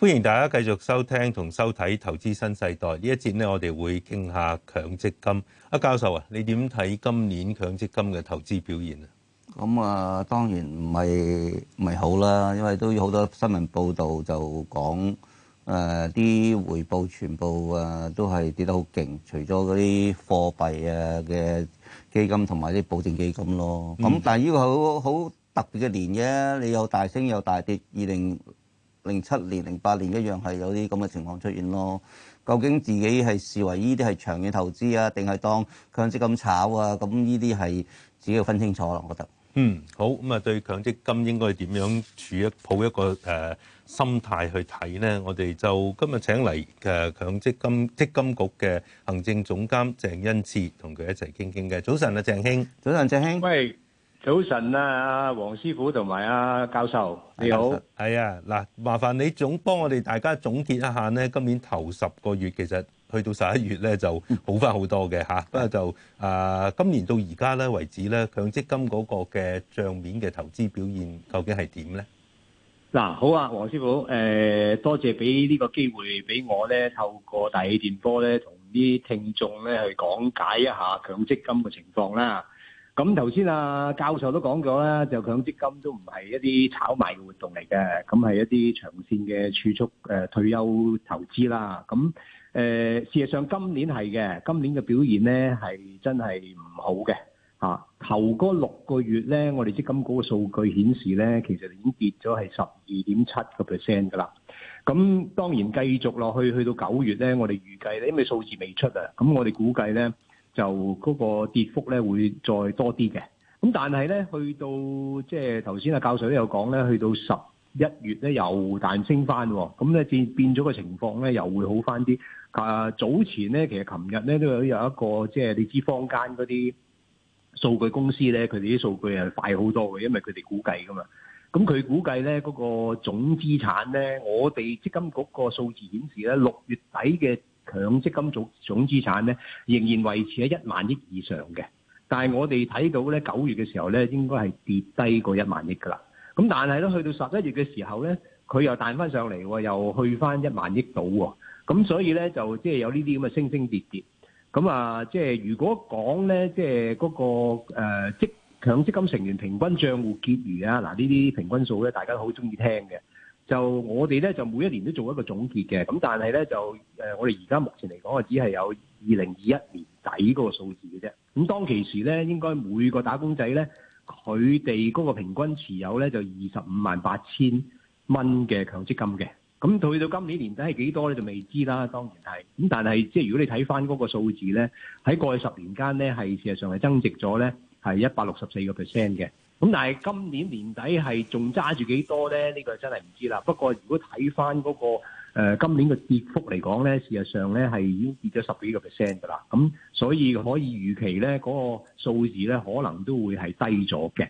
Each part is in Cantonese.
歡迎大家繼續收聽同收睇《投資新世代》呢一節咧，我哋會傾下強積金。阿教授啊，你點睇今年強積金嘅投資表現啊？咁啊，當然唔係唔係好啦，因為都有好多新聞報道就講，誒啲回報全部啊都係跌得好勁，除咗嗰啲貨幣啊嘅基金同埋啲保證基金咯。咁但係呢個好好特別嘅年嘅，你有大升有大跌，二零。零七年、零八年一樣係有啲咁嘅情況出現咯。究竟自己係視為呢啲係長遠投資啊，定係當強積金炒啊？咁呢啲係自己要分清楚啦、啊。我覺得。嗯，好咁啊，對強積金應該點樣處一抱一個誒、啊、心態去睇咧？我哋就今日請嚟誒強積金積金局嘅行政總監鄭恩賜同佢一齊傾傾嘅。早晨啊，鄭兄。早晨，鄭兄。喂。早晨啊，黃師傅同埋阿教授，你好。係啊，嗱，麻煩你總幫我哋大家總結一下咧，今年頭十個月其實去到十一月咧就好翻好多嘅吓，不、嗯、過、啊、就啊，今年到而家咧為止咧，強積金嗰個嘅賬面嘅投資表現究竟係點咧？嗱，好啊，黃師傅，誒、呃，多謝俾呢個機會俾我咧，透過大氣電波咧，同啲聽眾咧去講解一下強積金嘅情況啦。咁頭先啊教授都講咗啦，就強積金都唔係一啲炒賣嘅活動嚟嘅，咁係一啲長線嘅儲蓄、呃、退休投資啦。咁、呃、事實上今年係嘅，今年嘅表現咧係真係唔好嘅、啊、頭嗰六個月咧，我哋積金嗰個數據顯示咧，其實已經跌咗係十二點七個 percent 㗎啦。咁當然繼續落去，去到九月咧，我哋預計咧，因為數字未出啊，咁我哋估計咧。就嗰個跌幅咧，會再多啲嘅。咁但係咧，去到即係頭先阿教授都有講咧，去到十一月咧又彈升翻，咁咧變咗個情況咧又會好翻啲。啊，早前咧其實琴日咧都有有一個即係、就是、你知坊間嗰啲數據公司咧，佢哋啲數據係快好多嘅，因為佢哋估計㗎嘛。咁佢估計咧嗰、那個總資產咧，我哋積金局個數字顯示咧六月底嘅。強積金總總資產咧仍然維持喺一萬億以上嘅，但係我哋睇到咧九月嘅時候咧應該係跌低過一萬億噶啦。咁但係咧去到十一月嘅時候咧佢又彈翻上嚟，又去翻一萬億到喎，咁所以咧就即係有呢啲咁嘅升升跌跌。咁啊即係、就是、如果講咧即係嗰個誒、呃、積強積金成員平均帳戶結餘啊，嗱呢啲平均數咧大家都好中意聽嘅。就我哋咧，就每一年都做一個總結嘅。咁但係咧，就誒，我哋而家目前嚟講，係只係有二零二一年底嗰個數字嘅啫。咁當其時咧，應該每個打工仔咧，佢哋嗰個平均持有咧就二十五萬八千蚊嘅強積金嘅。咁去到今年年底係幾多咧？就未知啦。當然係。咁但係即係如果你睇返嗰個數字咧，喺過去十年間咧，係事實上係增值咗咧，係一百六十四個 percent 嘅。咁但係今年年底係仲揸住幾多咧？呢個真係唔知啦。不過如果睇返嗰個誒，今年嘅跌幅嚟講咧，事實上咧係已經跌咗十幾個 percent 㗎啦。咁所以可以預期咧，嗰個數字咧，可能都會係低咗嘅。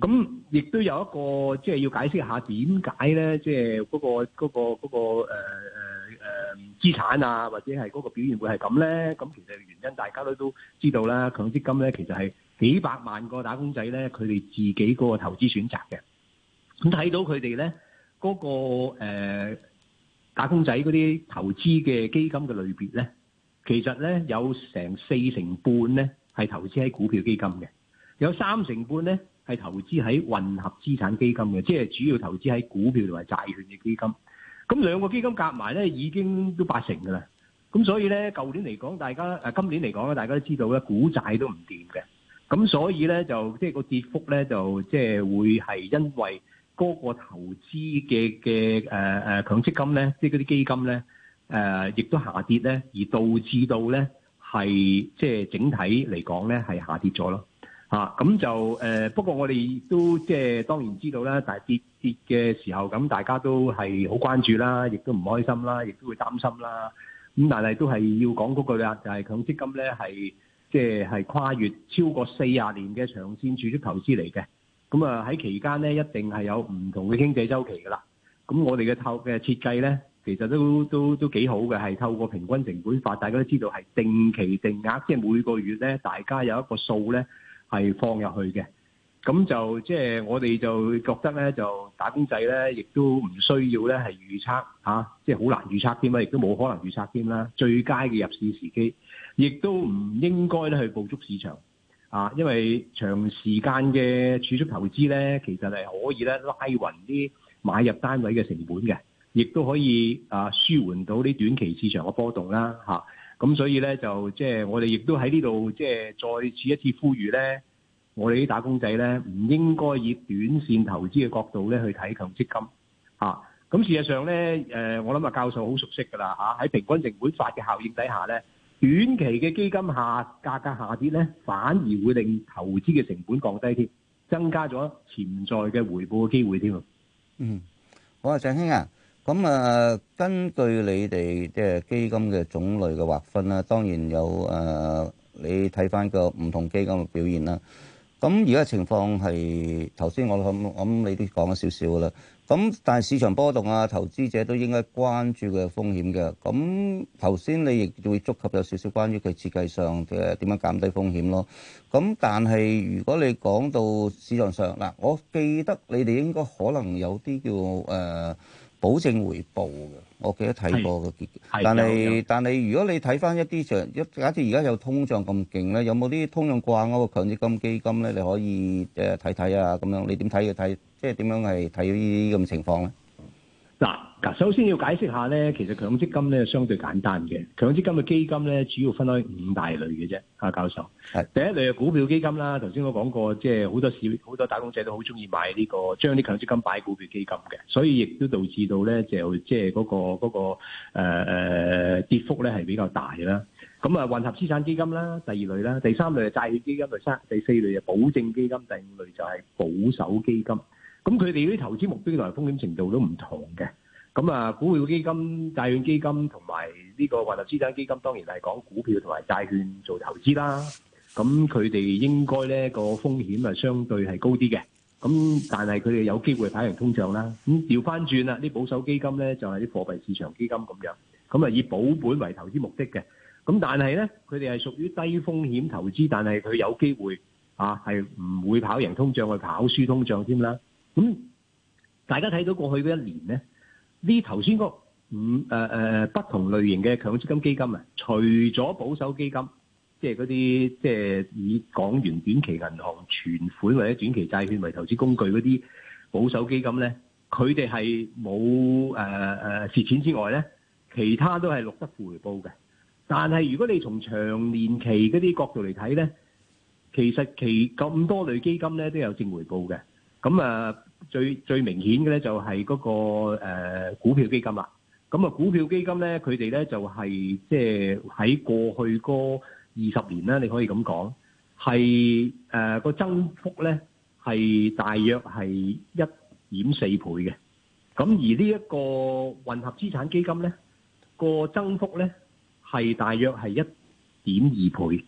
咁亦都有一個即係要解釋下點解咧，即係嗰個嗰個嗰個誒誒誒資產啊，或者係嗰個表現會係咁咧？咁其實原因大家都都知道啦。強積金咧其實係。幾百萬個打工仔呢，佢哋自己嗰個投資選擇嘅，咁睇到佢哋呢嗰、嗰個、呃、打工仔嗰啲投資嘅基金嘅類別呢，其實呢有成四成半呢係投資喺股票基金嘅，有三成半呢係投資喺混合資產基金嘅，即係主要投資喺股票同埋債券嘅基金。咁兩個基金夾埋呢已經都八成㗎啦。咁所以呢，舊年嚟講，大家、啊、今年嚟講咧，大家都知道咧，股債都唔掂嘅。咁所以咧就即係、就是、個跌幅咧就即係、就是、會係因為嗰個投資嘅嘅誒誒強積金咧，即係嗰啲基金咧誒，亦、呃、都下跌咧，而導致到咧係即係整體嚟講咧係下跌咗咯。咁、啊、就誒、呃、不過我哋都即係、就是、當然知道啦，但係跌跌嘅時候咁大家都係好關注啦，亦都唔開心啦，亦都會擔心啦。咁但係都係要講嗰句啦就係、是、強積金咧係，即係跨越超過四十年嘅長線儲蓄投資嚟嘅，咁啊喺期間呢，一定係有唔同嘅經濟周期噶啦，咁我哋嘅透嘅設計呢，其實都都都幾好嘅，係透過平均成本法，大家都知道係定期定額，即係每個月呢，大家有一個數呢，係放入去嘅。咁就即係、就是，我哋就覺得咧，就打工仔咧，亦都唔需要咧係預測吓，即係好難預測添啦，亦都冇可能預測添啦。最佳嘅入市時機，亦都唔應該咧去捕捉市場啊，因為長時間嘅儲蓄投資咧，其實係可以咧拉勻啲買入單位嘅成本嘅，亦都可以啊舒緩到啲短期市場嘅波動啦吓，咁、啊、所以咧就即係、就是、我哋亦都喺呢度即係再次一次呼籲咧。我哋啲打工仔咧，唔應該以短線投資嘅角度咧去睇強積金吓，咁事實上咧，誒我諗啊教授好熟悉噶啦吓，喺平均成本法嘅效應底下咧，短期嘅基金下價格下跌咧，反而會令投資嘅成本降低添，增加咗潛在嘅回報嘅機會添。嗯，好啊，鄭兄啊，咁啊，根據你哋即係基金嘅種類嘅劃分啦，當然有、啊、你睇翻個唔同基金嘅表現啦。咁而家情況係頭先我諗，諗你都講咗少少噶啦。咁但係市場波動啊，投資者都應該關注嘅風險嘅。咁頭先你亦會觸及有少少關於佢設計上嘅點樣減低風險咯。咁但係如果你講到市場上嗱，我記得你哋應該可能有啲叫誒保證回報嘅。我記得睇過嘅結，但係但係如果你睇翻一啲一假設而家有通脹咁勁咧，有冇啲通脹掛鈎嘅強積金基金咧？你可以誒睇睇啊，咁樣你點睇嘅睇，即係點樣係睇呢啲咁情況咧？嗱，嗱，首先要解釋下咧，其實強積金咧相對簡單嘅，強積金嘅基金咧主要分開五大類嘅啫，啊教授。係第一類嘅股票基金啦，頭先我講過，即係好多市好多打工者都好中意買呢、這個將啲強積金擺股票基金嘅，所以亦都導致到咧就即係嗰個嗰、那個、呃、跌幅咧係比較大啦。咁、嗯、啊，混合資產基金啦，第二類啦，第三類係債券基金，第三第四類係保證基金，第五類就係保守基金。咁佢哋啲投資目標同埋風險程度都唔同嘅。咁啊，股票基金、債券基金同埋呢個混合資產基金，當然係講股票同埋債券做投資啦。咁佢哋應該呢個風險係相對係高啲嘅。咁但係佢哋有機會跑贏通脹啦。咁調翻轉啦，啲保守基金呢，就係啲貨幣市場基金咁樣。咁啊，以保本為投資目的嘅。咁但係呢，佢哋係屬於低風險投資，但係佢有機會啊，係唔會跑贏通脹，去跑輸通脹添啦。咁大家睇到過去嗰一年呢，呢頭先嗰五誒誒不同類型嘅強積金基金啊，除咗保守基金，即係嗰啲即係以港元短期銀行存款或者短期債券為投資工具嗰啲保守基金呢，佢哋係冇誒誒蝕錢之外呢，其他都係錄得回報嘅。但係如果你從長年期嗰啲角度嚟睇呢，其實其咁多類基金呢都有正回報嘅。咁啊，最最明顯嘅咧就係嗰個誒股票基金啦。咁啊，股票基金咧，佢哋咧就係即係喺過去嗰二十年啦，你可以咁講，係誒個增幅咧係大約係一點四倍嘅。咁而呢一個混合資產基金咧，個增幅咧係大約係一點二倍。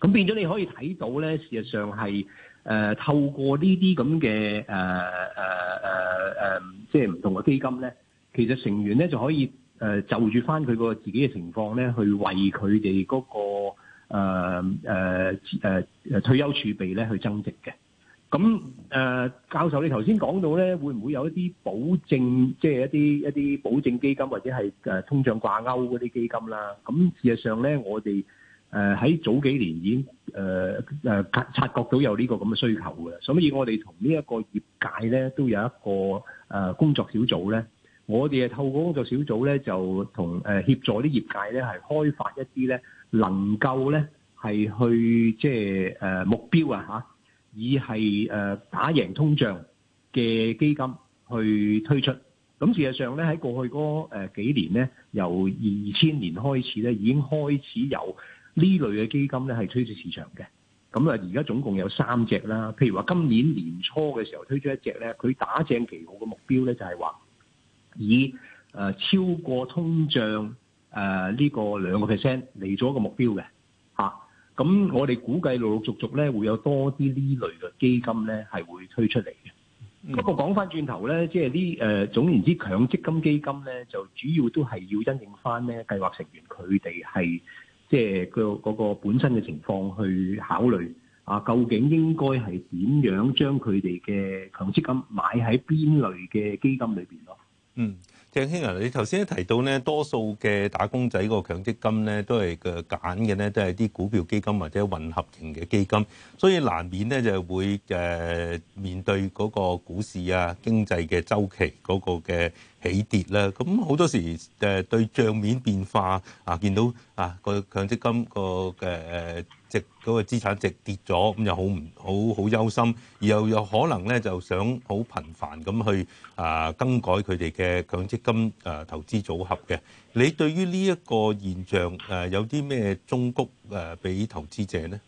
咁變咗你可以睇到咧，事實上係。誒、呃、透過呢啲咁嘅誒誒誒誒，即係唔同嘅基金咧，其實成員咧就可以誒就住翻佢個自己嘅情況咧，去為佢哋嗰個誒誒誒退休儲備咧去增值嘅。咁誒、呃、教授，你頭先講到咧，會唔會有一啲保證，即係一啲一啲保證基金或者係誒通脹掛鈎嗰啲基金啦？咁事實上咧，我哋誒，喺早幾年已經誒誒察覺到有呢個咁嘅需求嘅，所以我哋同呢一個業界咧，都有一個誒工作小組咧。我哋係透過工作小組咧，就同誒協助啲業界咧，係開發一啲咧，能夠咧係去即係誒目標啊吓，以係誒打贏通脹嘅基金去推出。咁事實上咧，喺過去嗰誒幾年咧，由二千年開始咧，已經開始有。呢類嘅基金咧係推出市場嘅，咁啊而家總共有三隻啦。譬如話今年年初嘅時候推出一隻咧，佢打正旗號嘅目標咧就係話以超過通脹呢個兩個 percent 嚟做一個目標嘅嚇。咁、啊、我哋估計陸陸續續咧會有多啲呢類嘅基金咧係會推出嚟嘅。不過講翻轉頭咧，即係呢總言之強積金基金咧就主要都係要因應翻咧計劃成員佢哋係。即係佢嗰個本身嘅情況去考慮啊，究竟應該係點樣將佢哋嘅強積金買喺邊類嘅基金裏邊咯？嗯，鄭軒啊，你頭先提到咧，多數嘅打工仔個強積金咧，都係嘅揀嘅咧，都係啲股票基金或者混合型嘅基金，所以難免咧就會誒面對嗰個股市啊、經濟嘅周期嗰個嘅。幾跌啦，咁好多時誒對帳面變化啊，見到啊個強積金個誒誒值嗰個資產值跌咗，咁又好唔好好憂心，而又有可能咧就想好頻繁咁去啊更改佢哋嘅強積金誒投資組合嘅。你對於呢一個現象誒有啲咩忠告誒俾投資者咧？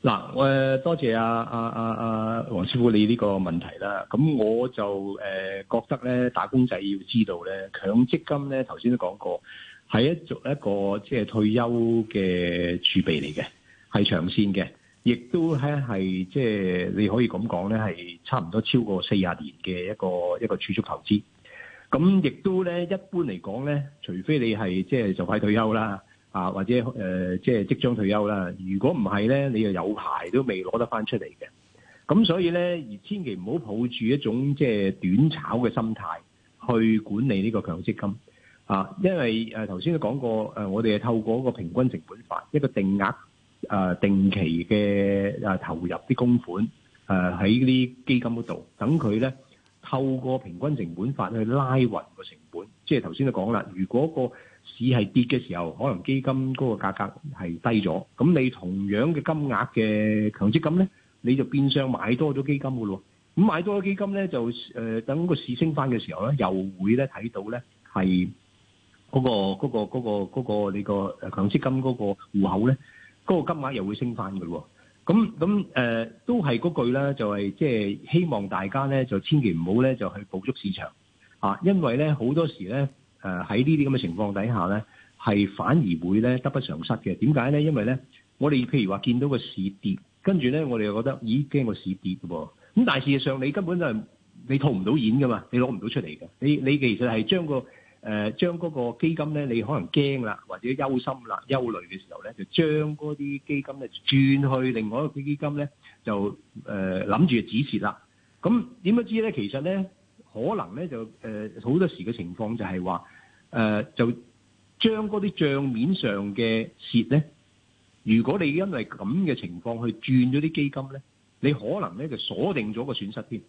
嗱，誒，多謝啊啊啊阿黃師傅你呢個問題啦。咁我就誒、呃、覺得咧，打工仔要知道咧，強積金咧，頭先都講過，係一做一個即係、就是、退休嘅儲備嚟嘅，係長線嘅，亦都咧係即係你可以咁講咧，係差唔多超過四十年嘅一個一個儲蓄投資。咁亦都咧，一般嚟講咧，除非你係即係就快退休啦。啊，或者誒、呃，即係即將退休啦。如果唔係咧，你又有排都未攞得翻出嚟嘅。咁所以咧，而千祈唔好抱住一種即係短炒嘅心態去管理呢個強積金啊。因為誒頭先都講過，誒、啊、我哋係透過一個平均成本法，一個定額誒、啊、定期嘅、啊、投入啲供款誒喺呢基金嗰度，等佢咧透過平均成本法去拉勻個成本。即係頭先都講啦，如果個市係跌嘅時候，可能基金嗰個價格係低咗，咁你同樣嘅金額嘅強積金咧，你就變相買多咗基金嘅咯。咁買多咗基金咧，就誒等個市升翻嘅時候咧，又會咧睇到咧係嗰個嗰個嗰個嗰個你個強積金嗰個戶口咧，嗰個金額又會升翻嘅喎。咁咁誒都係嗰句啦，就係即係希望大家咧就千祈唔好咧就去捕捉市場啊，因為咧好多時咧。誒喺呢啲咁嘅情況底下咧，係反而會咧得不償失嘅。點解咧？因為咧，我哋譬如話見到個市跌，跟住咧我哋又覺得咦，驚個市跌噶噃。咁但係事實上你根本就係你套唔到現噶嘛，你攞唔到出嚟嘅。你你其實係將個誒、呃、將嗰個基金咧，你可能驚啦，或者憂心啦、憂慮嘅時候咧，就將嗰啲基金咧轉去另外一個基金咧，就誒諗住止蝕啦。咁點不知咧？其實咧。可能咧就誒好、呃、多時嘅情況就係話誒就將嗰啲帳面上嘅蝕咧，如果你因為咁嘅情況去轉咗啲基金咧，你可能咧就鎖定咗個損失添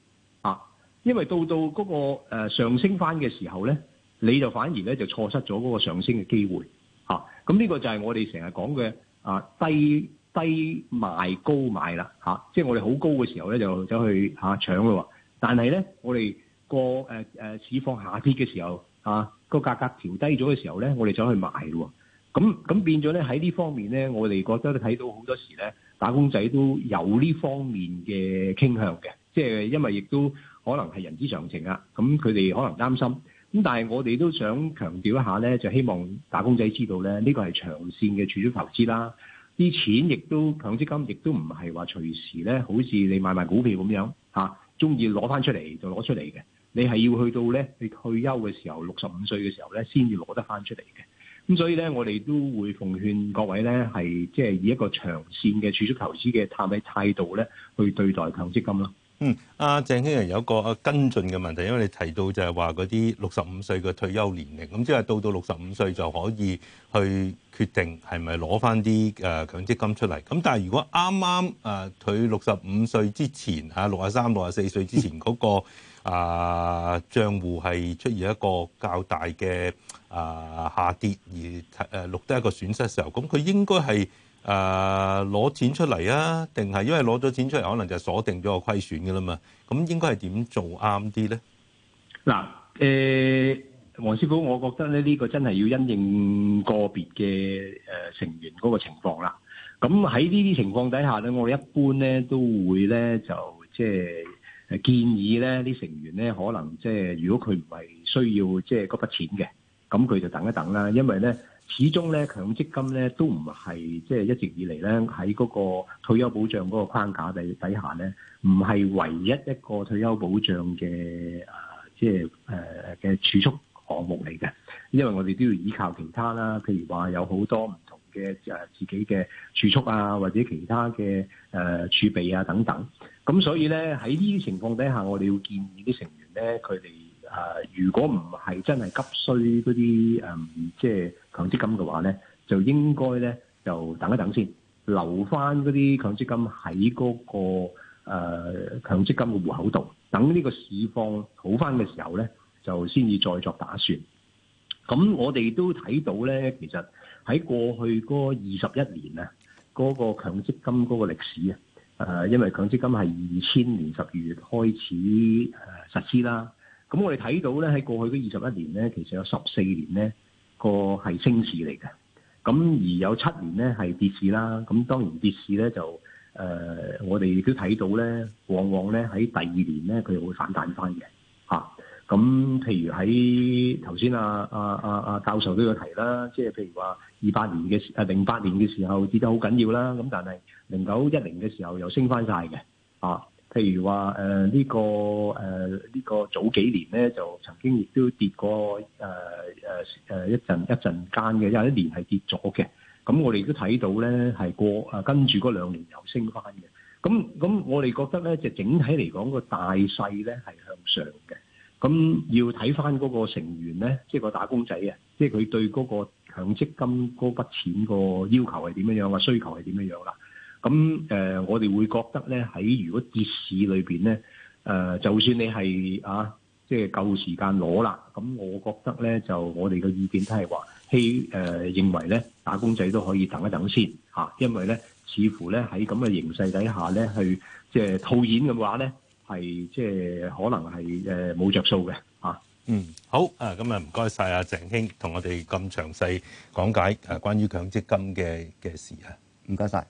啊，因為到到嗰個誒上升翻嘅時候咧，你就反而咧就錯失咗嗰個上升嘅機會嚇。咁、啊、呢個就係我哋成日講嘅啊低低賣高買啦嚇，即、啊、係、就是、我哋好高嘅時候咧就走去嚇、啊、搶嘅喎，但係咧我哋。個誒誒市況下跌嘅時候，啊個價格調低咗嘅時候咧，我哋就去買喎。咁咁變咗咧喺呢方面咧，我哋覺得睇到好多時咧，打工仔都有呢方面嘅傾向嘅。即係因為亦都可能係人之常情啊。咁佢哋可能擔心。咁但係我哋都想強調一下咧，就希望打工仔知道咧，呢個係長線嘅儲蓄投資啦。啲錢亦都強積金，亦都唔係話隨時咧，好似你買賣股票咁樣嚇，中意攞翻出嚟就攞出嚟嘅。你係要去到咧，你退休嘅時候六十五歲嘅時候咧，先至攞得翻出嚟嘅。咁所以咧，我哋都會奉勸各位咧，係即係以一個長線嘅儲蓄投資嘅探底態度咧，去對待強積金咯。嗯，阿、啊、鄭經人有一個跟進嘅問題，因為你提到就係話嗰啲六十五歲嘅退休年齡，咁即係到到六十五歲就可以去決定係咪攞翻啲誒強積金出嚟。咁但係如果啱啱誒退六十五歲之前嚇六啊三六啊四歲之前嗰、嗰個。 啊，賬戶係出現一個較大嘅啊下跌，而誒、啊、錄得一個損失嘅時候，咁佢應該係啊攞錢出嚟啊，定係因為攞咗錢出嚟，可能就鎖定咗個虧損嘅啦嘛？咁應該係點做啱啲咧？嗱，誒，黃師傅，我覺得咧呢個真係要因應個別嘅誒成員嗰個情況啦。咁喺呢啲情況底下咧，我一般咧都會咧就即係。建議呢啲成員呢，可能即係如果佢唔係需要即係嗰筆錢嘅，咁佢就等一等啦。因為呢，始終呢，強積金呢都唔係即係一直以嚟呢，喺嗰個退休保障嗰個框架底底下呢，唔係唯一一個退休保障嘅即係誒嘅儲蓄項目嚟嘅。因為我哋都要依靠其他啦，譬如話有好多唔同嘅自己嘅儲蓄啊，或者其他嘅誒儲備啊等等。咁所以咧，喺呢啲情況底下，我哋要建議啲成員咧，佢哋啊，如果唔係真係急需嗰啲誒，即、嗯、係、就是、強積金嘅話咧，就應該咧就等一等先，留翻嗰啲強積金喺嗰、個誒、呃、強積金嘅戶口度，等呢個市況好翻嘅時候咧，就先至再作打算。咁我哋都睇到咧，其實喺過去嗰二十一年啊，嗰、個強積金嗰個歷史啊。誒，因為強積金係二千年十二月開始誒實施啦。咁我哋睇到咧，喺過去嗰二十一年咧，其實有十四年咧個係升市嚟嘅。咁而有七年咧係跌市啦。咁當然跌市咧就誒，我哋亦都睇到咧，往往咧喺第二年咧佢會反彈翻嘅嚇。咁譬如喺頭先啊啊啊啊教授都有提啦，即係譬如話二八年嘅時啊，零八年嘅時候跌得好緊要啦，咁但係零九一零嘅時候又升翻曬嘅啊。譬如話、呃呢個、呃呢個早幾年咧就曾經亦都跌過、呃啊、一陣一陣間嘅，因為一年係跌咗嘅。咁我哋都睇到咧係過啊跟住嗰兩年又升翻嘅。咁咁我哋覺得咧就整體嚟講個大勢咧係向上嘅。咁要睇翻嗰個成員咧，即係個打工仔啊，即係佢對嗰個強積金嗰筆錢個要求係點樣樣啊？需求係點樣樣啦？咁誒、呃，我哋會覺得咧，喺如果跌市裏面咧，誒、呃，就算你係啊，即係夠時間攞啦，咁我覺得咧，就我哋嘅意見都係話，希誒、呃、認為咧，打工仔都可以等一等先、吓、因為咧，似乎咧喺咁嘅形勢底下咧，去即係套現嘅話咧。係即係可能係誒冇着數嘅吓。嗯，好啊，咁啊唔該晒阿鄭兄同我哋咁詳細講解誒關於強積金嘅嘅事啊。唔該晒。